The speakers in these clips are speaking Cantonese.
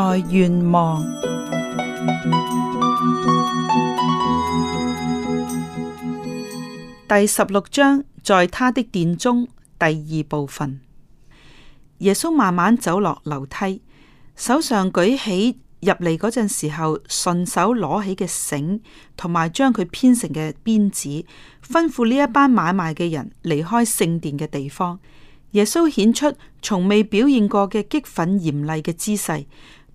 在願望第十六章，在他的殿中第二部分。耶穌慢慢走落樓梯，手上舉起入嚟嗰陣時候順手攞起嘅繩，同埋將佢編成嘅鞭子，吩咐呢一班買賣嘅人離開聖殿嘅地方。耶穌顯出從未表現過嘅激憤嚴厲嘅姿勢。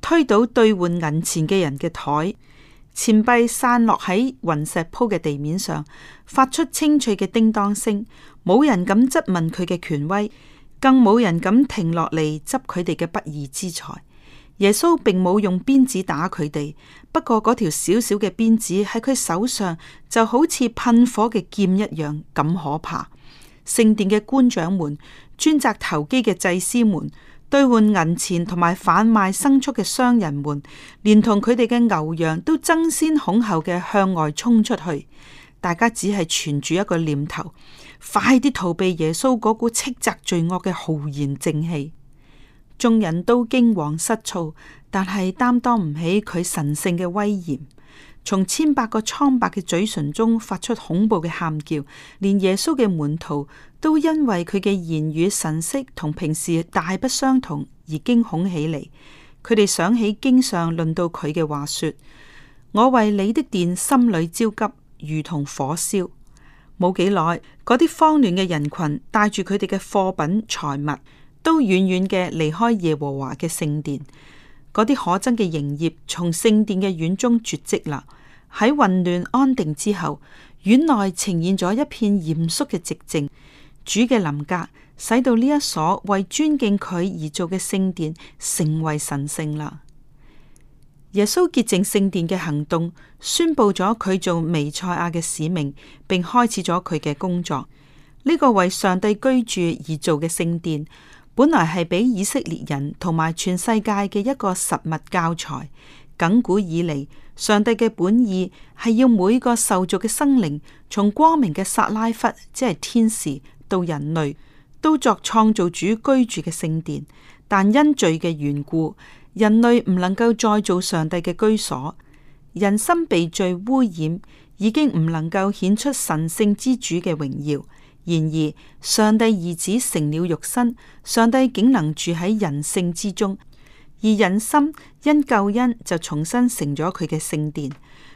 推倒兌換銀錢嘅人嘅台，錢幣散落喺雲石鋪嘅地面上，發出清脆嘅叮噹聲。冇人敢質問佢嘅權威，更冇人敢停落嚟執佢哋嘅不義之財。耶穌並冇用鞭子打佢哋，不過嗰條小小嘅鞭子喺佢手上就好似噴火嘅劍一樣咁可怕。聖殿嘅官長們，專責投機嘅祭司們。兌換銀錢同埋販賣牲畜嘅商人們，連同佢哋嘅牛羊都爭先恐後嘅向外衝出去。大家只係存住一個念頭，快啲逃避耶穌嗰股斥責罪惡嘅浩然正氣。眾人都驚惶失措，但係擔當唔起佢神聖嘅威嚴。從千百個蒼白嘅嘴唇中發出恐怖嘅喊叫，連耶穌嘅門徒都因為佢嘅言語神色同平時大不相同而驚恐起嚟。佢哋想起經上論到佢嘅話說：我為你的殿心裏焦急，如同火燒。冇幾耐，嗰啲慌亂嘅人群帶住佢哋嘅貨品、財物，都遠遠嘅離，離開耶和華嘅聖殿。嗰啲可憎嘅營業從聖殿嘅院中絕迹啦。喺混亂安定之後，院內呈現咗一片嚴肅嘅寂靜。主嘅臨格使到呢一所為尊敬佢而做嘅聖殿成為神聖啦。耶穌潔淨聖殿嘅行動，宣布咗佢做彌賽亞嘅使命，並開始咗佢嘅工作。呢、這個為上帝居住而做嘅聖殿。本來係俾以色列人同埋全世界嘅一個實物教材。亙古以嚟，上帝嘅本意係要每個受造嘅生靈，從光明嘅撒拉弗，即係天使，到人類，都作創造主居住嘅聖殿。但因罪嘅緣故，人類唔能夠再做上帝嘅居所，人心被罪污染，已經唔能夠顯出神聖之主嘅榮耀。然而，上帝兒子成了肉身，上帝竟能住喺人性之中，而人心因救恩就重新成咗佢嘅聖殿。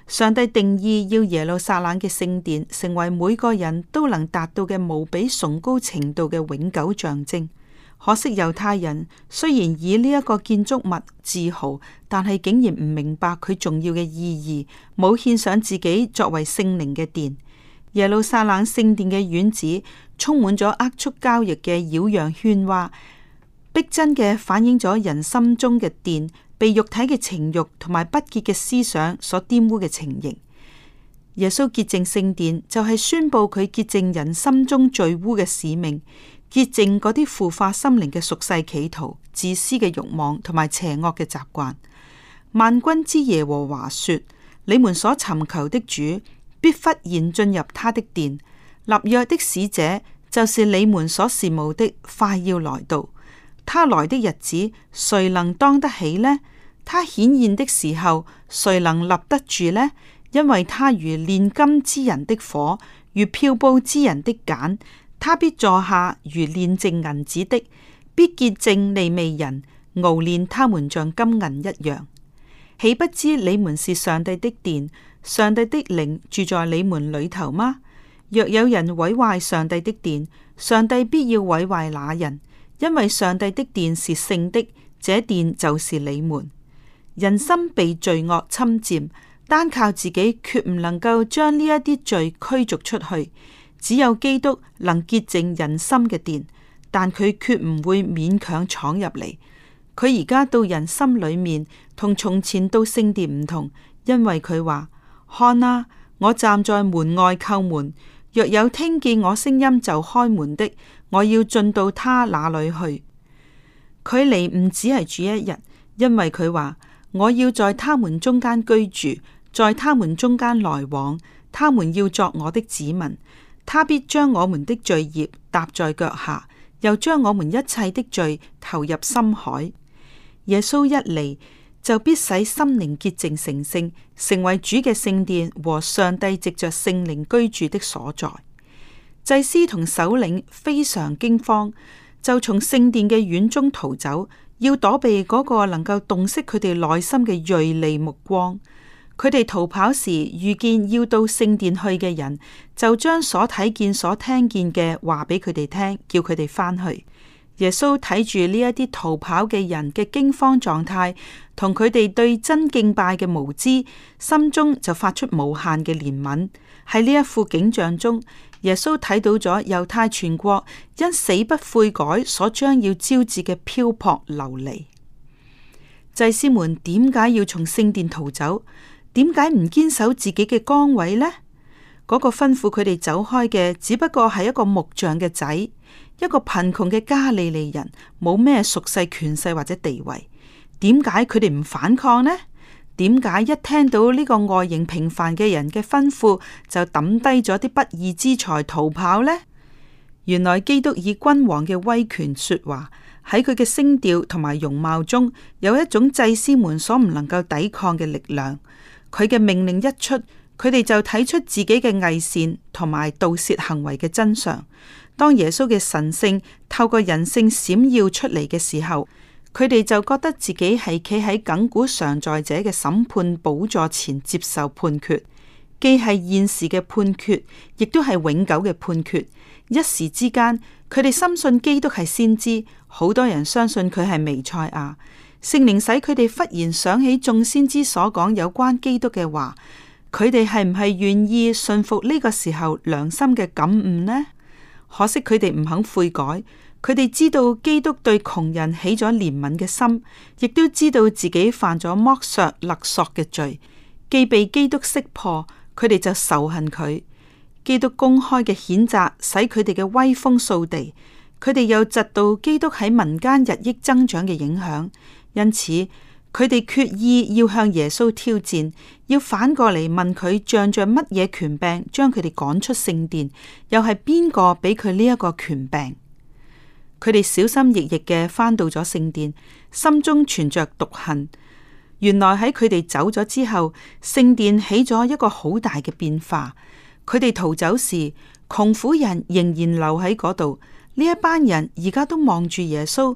上帝定意要耶路撒冷嘅聖殿成為每個人都能達到嘅無比崇高程度嘅永久象徵。可惜猶太人雖然以呢一個建築物自豪，但係竟然唔明白佢重要嘅意義，冇獻上自己作為聖靈嘅殿。耶路撒冷聖殿嘅院子充滿咗齷齪交易嘅擾攘喧嘩，逼真嘅反映咗人心中嘅殿被肉體嘅情欲同埋不潔嘅思想所玷污嘅情形。耶穌潔淨聖殿就係宣布佢潔淨人心中罪污嘅使命，潔淨嗰啲腐化心靈嘅俗世企圖、自私嘅欲望同埋邪惡嘅習慣。萬軍之耶和華說：你們所尋求的主，必忽然進入他的殿，立約的使者就是你們所羨慕的，快要來到。他來的日子，誰能當得起呢？他顯現的時候，誰能立得住呢？因為他如煉金之人的火，如漂布之人的鹼，他必坐下如煉淨銀子的，必潔淨利未人，熬煉他們像金銀一樣。豈不知你們是上帝的殿，上帝的靈住在你們裏頭嗎？若有人毀壞上帝的殿，上帝必要毀壞那人，因為上帝的殿是聖的，這殿就是你們。人心被罪惡侵占，單靠自己決唔能夠將呢一啲罪驅逐出去，只有基督能潔淨人心嘅殿，但佢決唔會勉強闖入嚟。佢而家到人心裏面，同從前到聖殿唔同，因為佢話：看啊，我站在門外叩門，若有聽見我聲音就開門的，我要進到他那裏去。佢嚟唔止係住一日，因為佢話，我要在他們中間居住，在他們中間來往，他們要作我的子民。他必將我們的罪孽踏在腳下，又將我們一切的罪投入深海。耶穌一嚟，就必使心靈潔淨、成聖，成為主嘅聖殿和上帝藉著聖靈居住的所在。祭司同首領非常驚慌，就從聖殿嘅院中逃走，要躲避嗰個能夠洞悉佢哋內心嘅銳利目光。佢哋逃跑時，遇見要到聖殿去嘅人，就將所睇見、所聽見嘅話俾佢哋聽，叫佢哋翻去。耶穌睇住呢一啲逃跑嘅人嘅驚慌狀態，同佢哋對真敬拜嘅無知，心中就發出無限嘅憐憫。喺呢一副景象中，耶穌睇到咗猶太全國因死不悔改所將要招致嘅漂泊流離。祭司們點解要從聖殿逃走？點解唔堅守自己嘅崗位呢？嗰個吩咐佢哋走開嘅，只不過係一個木匠嘅仔。一個貧窮嘅加利利人冇咩屬世權勢或者地位，點解佢哋唔反抗呢？點解一聽到呢個外形平凡嘅人嘅吩咐，就抌低咗啲不義之財逃跑呢？原來基督以君王嘅威權說話，喺佢嘅聲調同埋容貌中有一種祭司們所唔能夠抵抗嘅力量。佢嘅命令一出，佢哋就睇出自己嘅偽善同埋盜竊行為嘅真相。當耶穌嘅神性透過人性閃耀出嚟嘅時候，佢哋就覺得自己係企喺亘古常在者嘅審判寶座前接受判決，既係現時嘅判決，亦都係永久嘅判決。一時之間，佢哋深信基督係先知，好多人相信佢係彌賽亞。聖靈使佢哋忽然想起眾先知所講有關基督嘅話，佢哋係唔係願意信服呢個時候良心嘅感悟呢？可惜佢哋唔肯悔改，佢哋知道基督對窮人起咗憐憫嘅心，亦都知道自己犯咗剝削勒索嘅罪，既被基督識破，佢哋就仇恨佢。基督公開嘅譴責，使佢哋嘅威風掃地，佢哋又嫉妒基督喺民間日益增長嘅影響，因此，佢哋決意要向耶穌挑戰，要反過嚟問佢仗着乜嘢權柄將佢哋趕出聖殿，又係邊個俾佢呢一個權柄？佢哋小心翼翼嘅返到咗聖殿，心中存着毒恨。原來喺佢哋走咗之後，聖殿起咗一個好大嘅變化。佢哋逃走時，窮苦人仍然留喺嗰度。呢一班人而家都望住耶穌。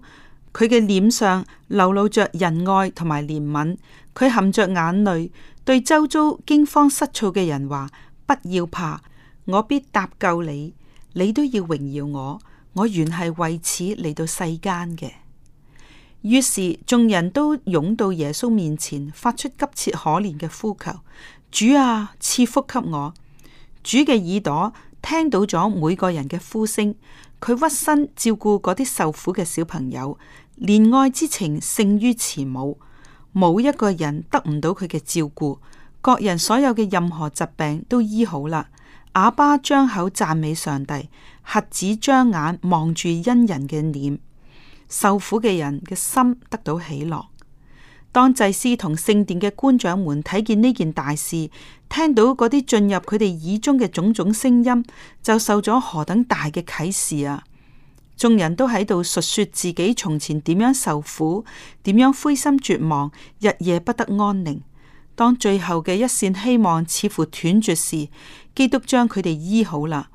佢嘅臉上流露着仁愛同埋憐憫，佢含着眼淚對周遭驚慌失措嘅人話：「不要怕，我必搭救你，你都要榮耀我，我原係為此嚟到世間嘅。」於是眾人都湧到耶穌面前，發出急切可憐嘅呼求：「主啊，賜福給我。」主嘅耳朵聽到咗每個人嘅呼聲，佢屈身照顧嗰啲受苦嘅小朋友。憐愛之情勝於慈母，冇一個人得唔到佢嘅照顧，各人所有嘅任何疾病都醫好啦。啞巴張口讚美上帝，瞎子張眼望住恩人嘅臉，受苦嘅人嘅心得到喜樂。當祭司同聖殿嘅官長們睇見呢件大事，聽到嗰啲進入佢哋耳中嘅種種聲音，就受咗何等大嘅啟示啊！眾人都喺度述說自己從前點樣受苦，點樣灰心絕望，日夜不得安寧。當最後嘅一線希望似乎斷絕時，基督將佢哋醫好啦。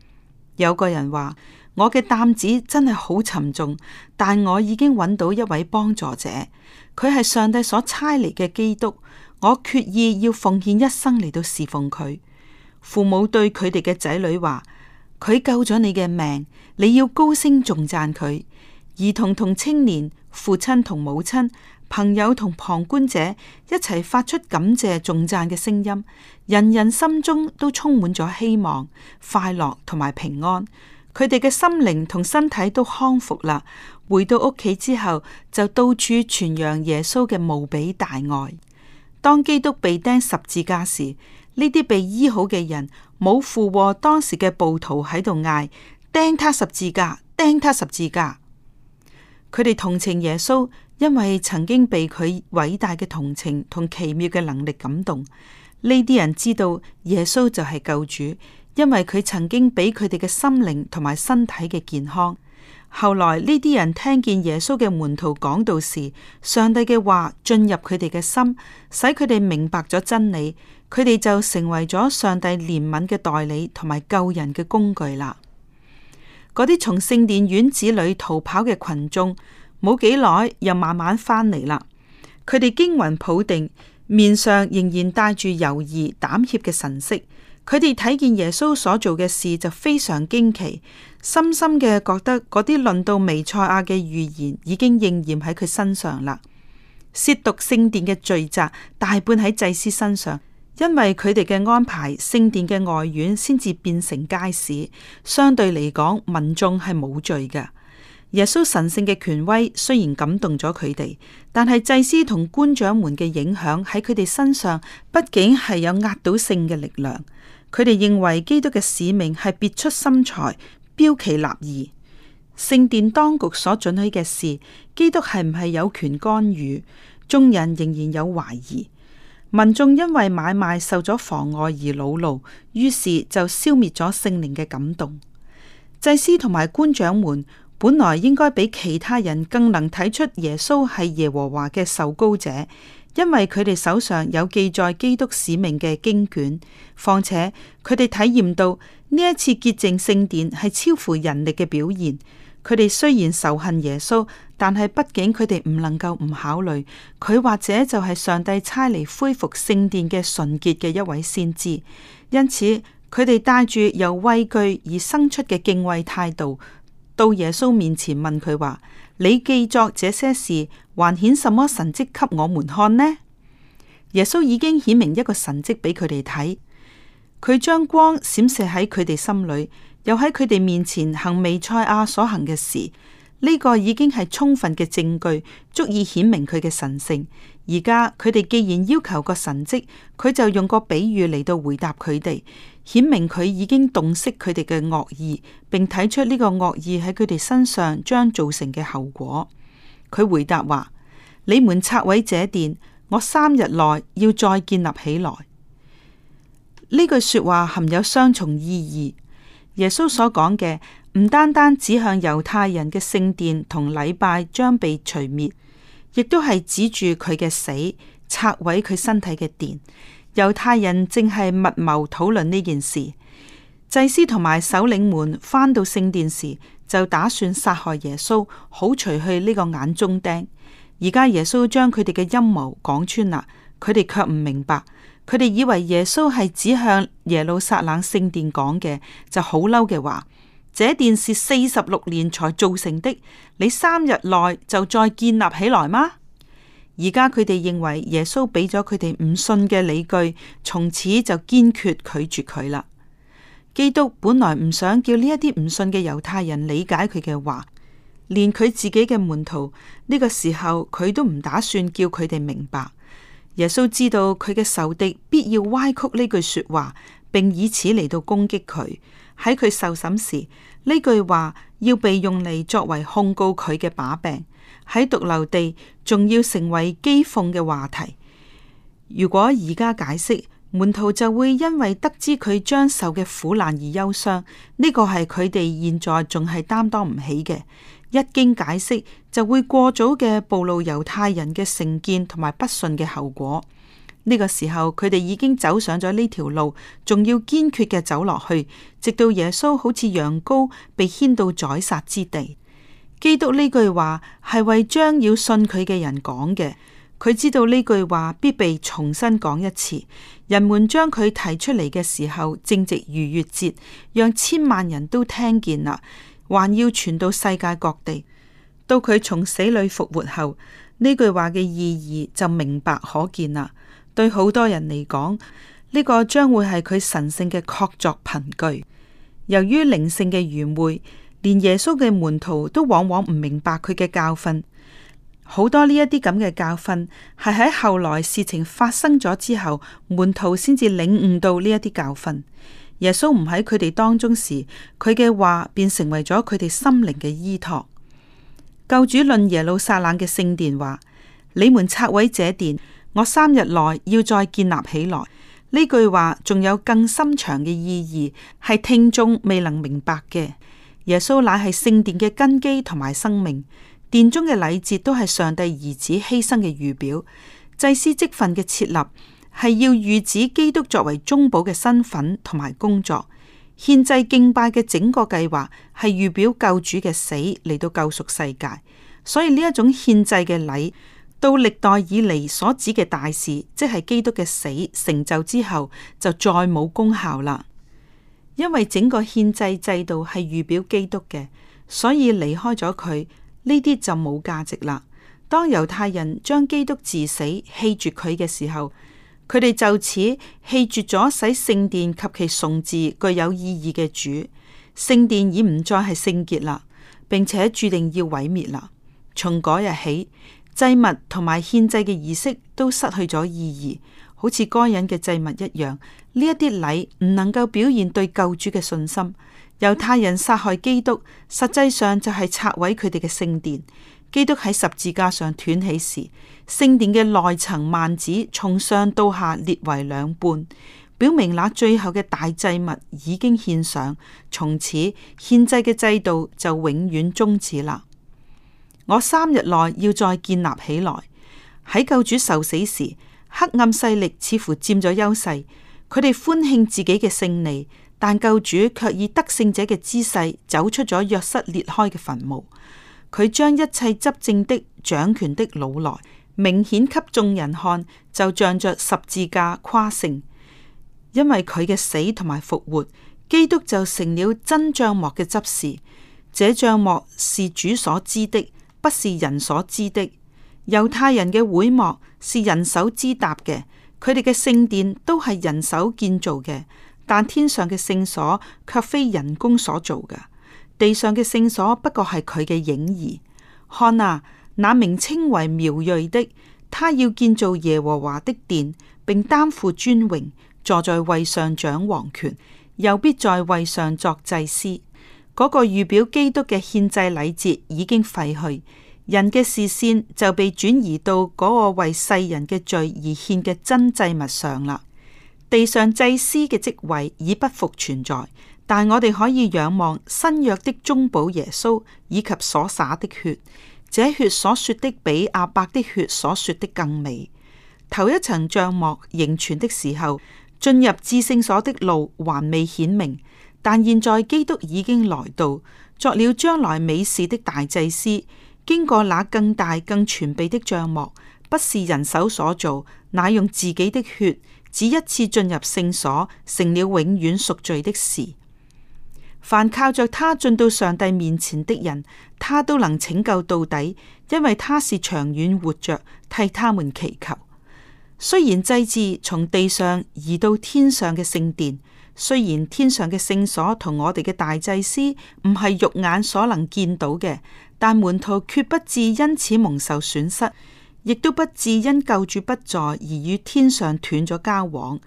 有個人話：我嘅擔子真係好沉重，但我已經揾到一位幫助者，佢係上帝所差嚟嘅基督。我決意要奉獻一生嚟到侍奉佢。父母對佢哋嘅仔女話：佢救咗你嘅命，你要高聲重讚佢。兒童同青年、父親同母親、朋友同旁觀者一齊發出感謝重讚嘅聲音，人人心中都充滿咗希望、快樂同埋平安。佢哋嘅心靈同身體都康復啦。回到屋企之後，就到處傳揚耶穌嘅無比大愛。當基督被釘十字架時。呢啲被醫好嘅人冇附和當時嘅暴徒喺度嗌，釘他十字架，釘他十字架。佢哋同情耶穌，因為曾經被佢偉大嘅同情同奇妙嘅能力感動。呢啲人知道耶穌就係救主，因為佢曾經俾佢哋嘅心靈同埋身體嘅健康。後來呢啲人聽見耶穌嘅門徒講道時，上帝嘅話進入佢哋嘅心，使佢哋明白咗真理。佢哋就成為咗上帝憐憫嘅代理，同埋救人嘅工具啦。嗰啲從聖殿院子裏逃跑嘅群眾，冇幾耐又慢慢翻嚟啦。佢哋驚魂甫定，面上仍然帶住猶豫膽怯嘅神色。佢哋睇見耶穌所做嘅事就非常驚奇，深深嘅覺得嗰啲論到彌賽亞嘅預言已經應驗喺佢身上啦。褻瀆聖殿嘅罪責大半喺祭司身上。因為佢哋嘅安排，聖殿嘅外院先至變成街市，相對嚟講，民眾係冇罪嘅。耶穌神聖嘅權威雖然感動咗佢哋，但係祭司同官長們嘅影響喺佢哋身上，畢竟係有壓倒性嘅力量。佢哋認為基督嘅使命係別出心裁、標奇立異。聖殿當局所准許嘅事，基督係唔係有權干預？眾人仍然有懷疑。民眾因為買賣受咗妨礙而惱怒，於是就消滅咗聖靈嘅感動。祭司同埋官長們本來應該比其他人更能睇出耶穌係耶和華嘅受膏者，因為佢哋手上有記載基督使命嘅經卷，況且佢哋體驗到呢一次潔淨聖殿係超乎人力嘅表現。佢哋雖然仇恨耶穌，但係畢竟佢哋唔能夠唔考慮，佢或者就係上帝差嚟恢復聖殿嘅純潔嘅一位先知。因此，佢哋帶住由畏懼而生出嘅敬畏態度，到耶穌面前問佢話：你既作這些事，還顯什麼神蹟給我們看呢？耶穌已經顯明一個神蹟俾佢哋睇，佢將光閃射喺佢哋心裏。又喺佢哋面前行彌賽亞所行嘅事，呢個已經係充分嘅證據，足以顯明佢嘅神性。而家佢哋既然要求個神迹，佢就用個比喻嚟到回答佢哋，顯明佢已經洞悉佢哋嘅惡意，並睇出呢個惡意喺佢哋身上將造成嘅後果。佢回答話：「你們拆毀這殿，我三日內要再建立起來。」呢句說話含有雙重意義。耶穌所講嘅唔單單指向猶太人嘅聖殿同禮拜將被除滅，亦都係指住佢嘅死，拆毀佢身體嘅殿。猶太人正係密謀討論呢件事。祭司同埋首領們返到聖殿時，就打算殺害耶穌，好除去呢個眼中釘。而家耶穌將佢哋嘅陰謀講穿啦，佢哋卻唔明白。佢哋以為耶穌係指向耶路撒冷聖殿講嘅，就好嬲嘅話這殿是四十六年才造成的，你三日內就再建立起來嗎？而家佢哋認為耶穌俾咗佢哋唔信嘅理據，從此就堅決拒絕佢啦。基督本來唔想叫呢一啲唔信嘅猶太人理解佢嘅話，連佢自己嘅門徒，呢個時候佢都唔打算叫佢哋明白。耶穌知道佢嘅仇敵必要歪曲呢句說話，並以此嚟到攻擊佢。喺佢受審時，呢句話要被用嚟作為控告佢嘅把柄。喺髑髏地，仲要成為譏諷嘅話題。如果而家解釋，門徒就會因為得知佢將受嘅苦難而憂傷。呢、這個係佢哋現在仲係擔當唔起嘅。一經解釋，就會過早嘅暴露猶太人嘅成見同埋不信嘅後果。呢個時候，佢哋已經走上咗呢條路，仲要堅決嘅走落去，直到耶穌好似羊羔被牽到宰殺之地。基督呢句話係為將要信佢嘅人講嘅，佢知道呢句話必被重新講一次。人們將佢提出嚟嘅時候，正值逾越節，讓千萬人都聽見啦。還要傳到世界各地。到佢從死裏復活後，呢句話嘅意義就明白可見啦。對好多人嚟講，呢個將會係佢神聖嘅確鑿憑據。由於靈性嘅愚昧，連耶穌嘅門徒都往往唔明白佢嘅教訓。好多呢一啲咁嘅教訓，係喺後來事情發生咗之後，門徒先至領悟到呢一啲教訓。耶穌唔喺佢哋當中時，佢嘅話便成為咗佢哋心靈嘅依託。救主論耶路撒冷嘅聖殿話：「你們拆毀這殿，我三日內要再建立起來。呢句話仲有更深長嘅意義，係聽眾未能明白嘅。耶穌乃係聖殿嘅根基同埋生命，殿中嘅禮節都係上帝兒子犧牲嘅預表，祭司積份嘅設立，係要預指基督作為中保嘅身份同埋工作，獻祭敬拜嘅整個計劃係預表救主嘅死嚟到救贖世界。所以呢一種獻祭嘅禮到歷代以嚟所指嘅大事，即係基督嘅死成就之後，就再冇功效啦。因為整個獻祭制,制度係預表基督嘅，所以離開咗佢呢啲就冇價值啦。當猶太人將基督治死棄絕佢嘅時候。佢哋就此棄絕咗使聖殿及其崇治具有意義嘅主，聖殿已唔再係聖潔啦，並且注定要毀滅啦。從嗰日起，祭物同埋獻祭嘅儀式都失去咗意義，好似該隱嘅祭物一樣。呢一啲禮唔能夠表現對救主嘅信心。猶太人殺害基督，實際上就係拆毀佢哋嘅聖殿。基督喺十字架上斷氣時，聖殿嘅內層幔子從上到下裂為兩半，表明那最後嘅大祭物已經獻上，從此獻祭嘅制度就永遠終止啦。我三日內要再建立起來。喺救主受死時，黑暗勢力似乎佔咗優勢，佢哋歡慶自己嘅勝利，但救主卻以得勝者嘅姿勢走出咗約瑟裂開嘅墳墓。佢將一切執政的掌權的老來，明顯給眾人看，就仗着十字架跨城。因為佢嘅死同埋復活，基督就成了真帳幕嘅執事。這帳幕是主所知的，不是人所知的。猶太人嘅會幕是人手支搭嘅，佢哋嘅聖殿都係人手建造嘅，但天上嘅聖所卻非人工所做嘅。地上嘅聖所不過係佢嘅影兒。看啊，那名稱為苗裔的，他要建造耶和華的殿，並擔負尊榮，坐在位上掌王權，又必在位上作祭司。嗰個預表基督嘅獻祭禮節已經廢去，人嘅視線就被轉移到嗰個為世人嘅罪而獻嘅真祭物上啦。地上祭司嘅職位已不復存在。但我哋可以仰望新約的中保耶穌以及所灑的血，這血所說的比阿伯的血所說的更美。頭一層帳幕仍存的時候，進入至聖所的路還未顯明，但現在基督已經來到，作了將來美事的大祭司，經過那更大更全備的帳幕，不是人手所做，乃用自己的血，只一次進入聖所，成了永遠贖罪的事。凡靠着他進到上帝面前的人，他都能拯救到底，因為他是長遠活着，替他們祈求。雖然祭祀從地上移到天上嘅聖殿，雖然天上嘅聖所同我哋嘅大祭司唔係肉眼所能見到嘅，但門徒決不至因此蒙受損失，亦都不至因救主不在而與天上斷咗交往，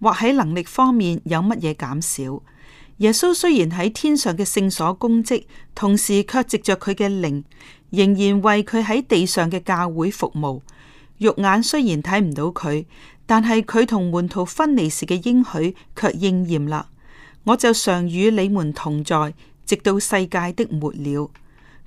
或喺能力方面有乜嘢減少。耶穌雖然喺天上嘅聖所供職，同時卻藉着佢嘅靈，仍然為佢喺地上嘅教會服務。肉眼雖然睇唔到佢，但係佢同門徒分離時嘅應許卻應驗啦。我就常與你們同在，直到世界的末了。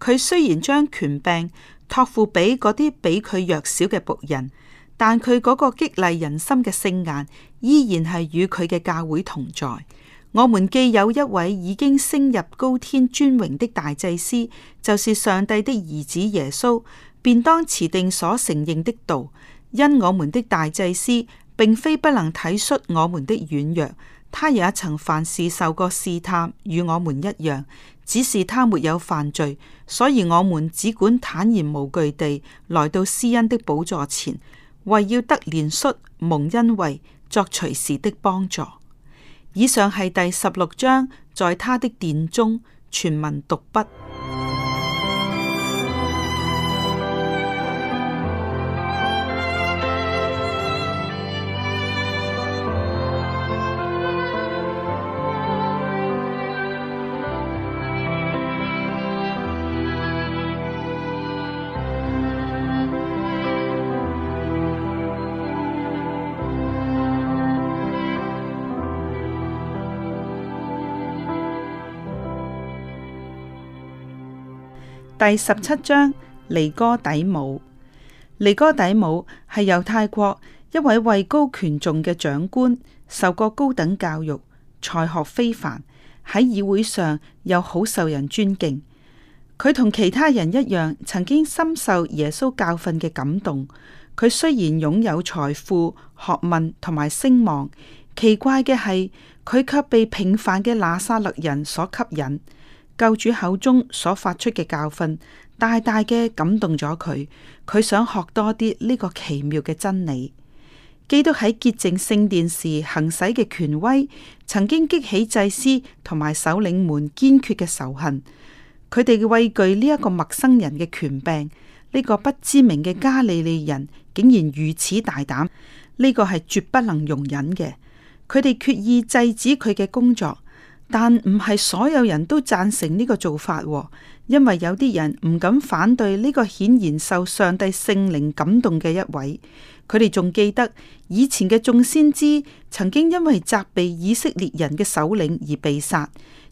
佢雖然將權柄託付俾嗰啲比佢弱小嘅僕人，但佢嗰個激勵人心嘅聖眼，依然係與佢嘅教會同在。我們既有一位已經升入高天尊榮的大祭司，就是上帝的兒子耶穌，便當持定所承認的道。因我們的大祭司並非不能體恤我們的軟弱，他也曾凡事受過試探，與我們一樣，只是他沒有犯罪，所以我們只管坦然無懼地來到施恩的寶座前，為要得憐恤，蒙恩惠、作隨時的幫助。以上係第十六章，在他的殿中，全文讀畢。第十七章，尼哥底母。尼哥底母係由泰國一位位高權重嘅長官，受過高等教育，才學非凡，喺議會上又好受人尊敬。佢同其他人一樣，曾經深受耶穌教訓嘅感動。佢雖然擁有財富、學問同埋聲望，奇怪嘅係佢卻被平凡嘅拿撒勒人所吸引。救主口中所發出嘅教訓，大大嘅感動咗佢。佢想學多啲呢個奇妙嘅真理。基督喺潔淨聖殿時行使嘅權威，曾經激起祭司同埋首領們堅決嘅仇恨。佢哋畏懼呢一個陌生人嘅權柄，呢個不知名嘅加利利人竟然如此大膽，呢個係絕不能容忍嘅。佢哋決意制止佢嘅工作。但唔係所有人都贊成呢個做法喎，因為有啲人唔敢反對呢個顯然受上帝聖靈感動嘅一位。佢哋仲記得以前嘅眾先知曾經因為責備以色列人嘅首領而被殺，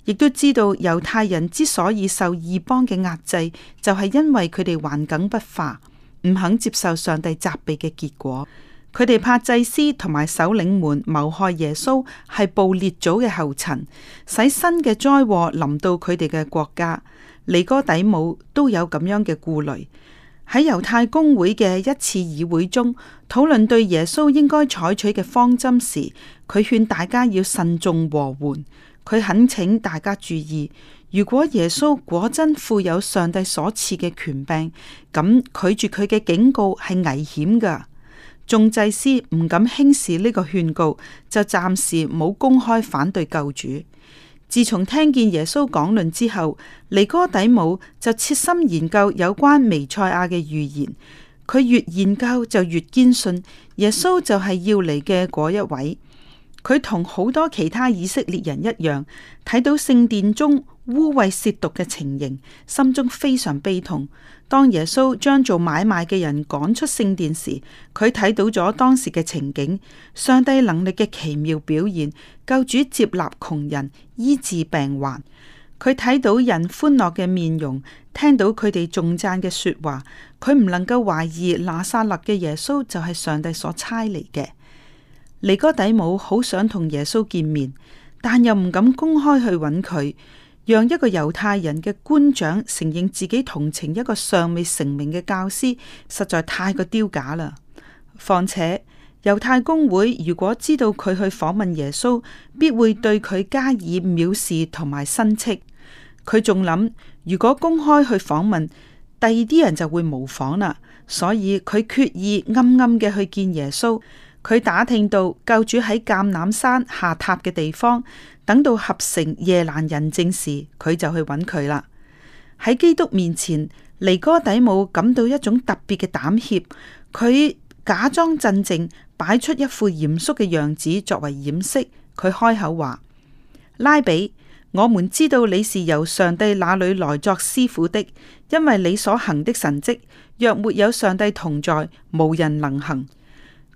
亦都知道猶太人之所以受異邦嘅壓制，就係因為佢哋頑梗不化，唔肯接受上帝責備嘅結果。佢哋怕祭司同埋首領們謀害耶穌，係暴烈組嘅後塵，使新嘅災禍臨到佢哋嘅國家。尼哥底母都有咁樣嘅顧慮。喺猶太公會嘅一次議會中，討論對耶穌應該採取嘅方針時，佢勸大家要慎重和緩。佢懇請大家注意，如果耶穌果真富有上帝所賜嘅權柄，咁拒絕佢嘅警告係危險噶。眾祭司唔敢輕視呢個勸告，就暫時冇公開反對救主。自從聽見耶穌講論之後，尼哥底母就切心研究有關彌賽亞嘅預言。佢越研究就越堅信耶穌就係要嚟嘅嗰一位。佢同好多其他以色列人一樣，睇到聖殿中。污穢褻瀆嘅情形，心中非常悲痛。當耶穌將做買賣嘅人趕出聖殿時，佢睇到咗當時嘅情景，上帝能力嘅奇妙表現，救主接納窮人，醫治病患。佢睇到人歡樂嘅面容，聽到佢哋頌讚嘅說話，佢唔能夠懷疑拿撒勒嘅耶穌就係上帝所差嚟嘅。尼哥底母好想同耶穌見面，但又唔敢公開去揾佢。讓一個猶太人嘅官長承認自己同情一個尚未成名嘅教師，實在太過丟架啦。況且猶太公會如果知道佢去訪問耶穌，必會對佢加以藐視同埋申斥。佢仲諗，如果公開去訪問，第二啲人就會模仿啦。所以佢決意暗暗嘅去見耶穌。佢打聽到教主喺橄欖山下榻嘅地方，等到合成夜闌人靜時，佢就去揾佢啦。喺基督面前，尼哥底母感到一種特別嘅膽怯，佢假裝鎮靜，擺出一副嚴肅嘅樣子作為掩飾。佢開口話：拉比，我們知道你是由上帝那裏來作師傅的，因為你所行的神跡，若沒有上帝同在，無人能行。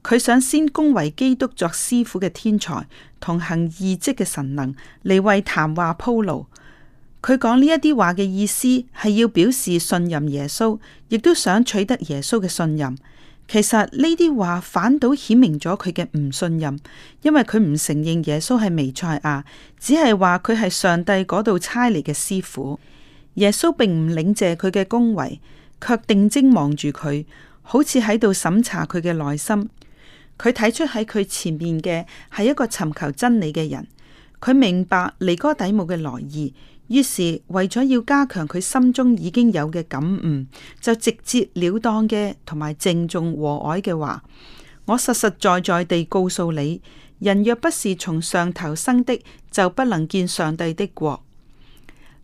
佢想先恭維基督作師傅嘅天才，同行異跡嘅神能嚟為談話鋪路。佢講呢一啲話嘅意思係要表示信任耶穌，亦都想取得耶穌嘅信任。其實呢啲話反倒顯明咗佢嘅唔信任，因為佢唔承認耶穌係彌賽亞，只係話佢係上帝嗰度差嚟嘅師傅。耶穌並唔領謝佢嘅恭維，卻定睛望住佢，好似喺度審查佢嘅內心。佢睇出喺佢前面嘅係一個尋求真理嘅人，佢明白尼哥底母嘅來意，於是為咗要加強佢心中已經有嘅感悟，就直截了當嘅同埋鄭重和藹嘅話：我實實在在地告訴你，人若不是從上頭生的，就不能見上帝的國。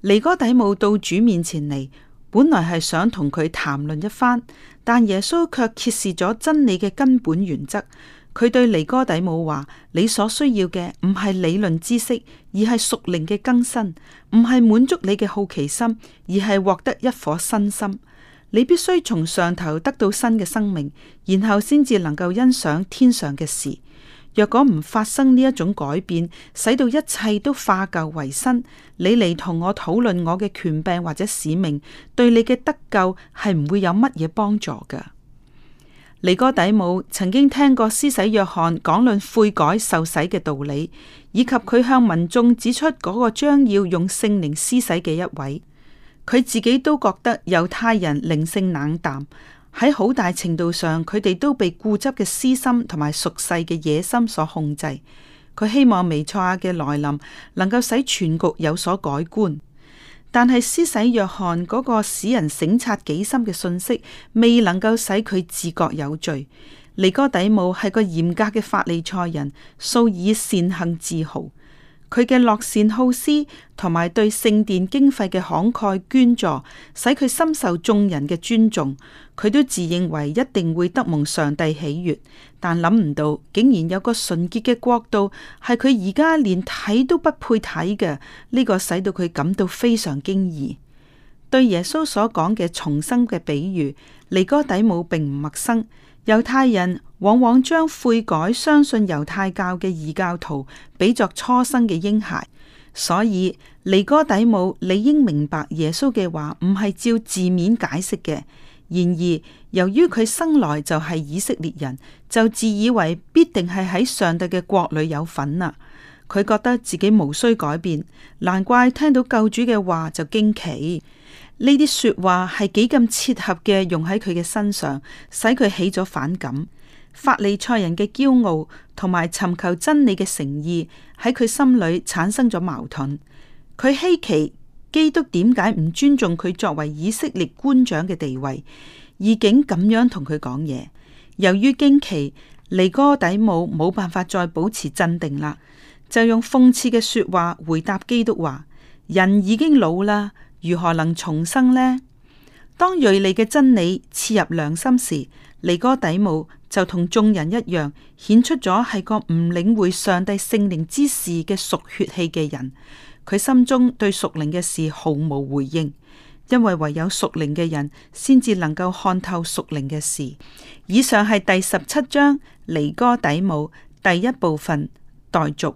尼哥底母到主面前嚟，本來係想同佢談論一番。但耶穌卻揭示咗真理嘅根本原則。佢對尼哥底母話：「你所需要嘅唔係理論知識，而係屬靈嘅更新；唔係滿足你嘅好奇心，而係獲得一顆新心。你必須從上頭得到新嘅生命，然後先至能夠欣賞天上嘅事。若果唔發生呢一種改變，使到一切都化舊為新，你嚟同我討論我嘅權柄或者使命，對你嘅得救係唔會有乜嘢幫助嘅。尼哥底母曾經聽過施洗約翰講論悔改受洗嘅道理，以及佢向民眾指出嗰個將要用聖靈施洗嘅一位，佢自己都覺得猶太人靈性冷淡。喺好大程度上，佢哋都被固執嘅私心同埋俗世嘅野心所控制。佢希望彌賽亞嘅來臨能夠使全局有所改觀，但係施洗約翰嗰個使人省察己心嘅信息，未能夠使佢自覺有罪。尼哥底母係個嚴格嘅法利賽人，素以善行自豪。佢嘅樂善好施同埋對聖殿經費嘅慷慨捐助，使佢深受眾人嘅尊重。佢都自認為一定會得蒙上帝喜悅，但諗唔到竟然有個純潔嘅國度係佢而家連睇都不配睇嘅，呢個使到佢感到非常驚異。對耶穌所講嘅重生嘅比喻，尼哥底母並唔陌生，猶太人。往往將悔改、相信猶太教嘅異教徒比作初生嘅嬰孩，所以尼哥底母理應明白耶穌嘅話唔係照字面解釋嘅。然而，由於佢生來就係以色列人，就自以為必定係喺上帝嘅國裏有份啦。佢覺得自己無需改變，難怪聽到救主嘅話就驚奇。呢啲說話係幾咁切合嘅，用喺佢嘅身上，使佢起咗反感。法利賽人嘅驕傲同埋尋求真理嘅誠意喺佢心裏產生咗矛盾。佢稀奇基督點解唔尊重佢作為以色列官長嘅地位，而竟咁樣同佢講嘢。由於驚奇，尼哥底母冇辦法再保持鎮定啦，就用諷刺嘅說話回答基督話：人已經老啦，如何能重生呢？當銳利嘅真理刺入良心時。尼哥底母就同眾人一樣，顯出咗係個唔領會上帝聖靈之事嘅屬血氣嘅人，佢心中對屬靈嘅事毫無回應，因為唯有屬靈嘅人先至能夠看透屬靈嘅事。以上係第十七章尼哥底母第一部分待續。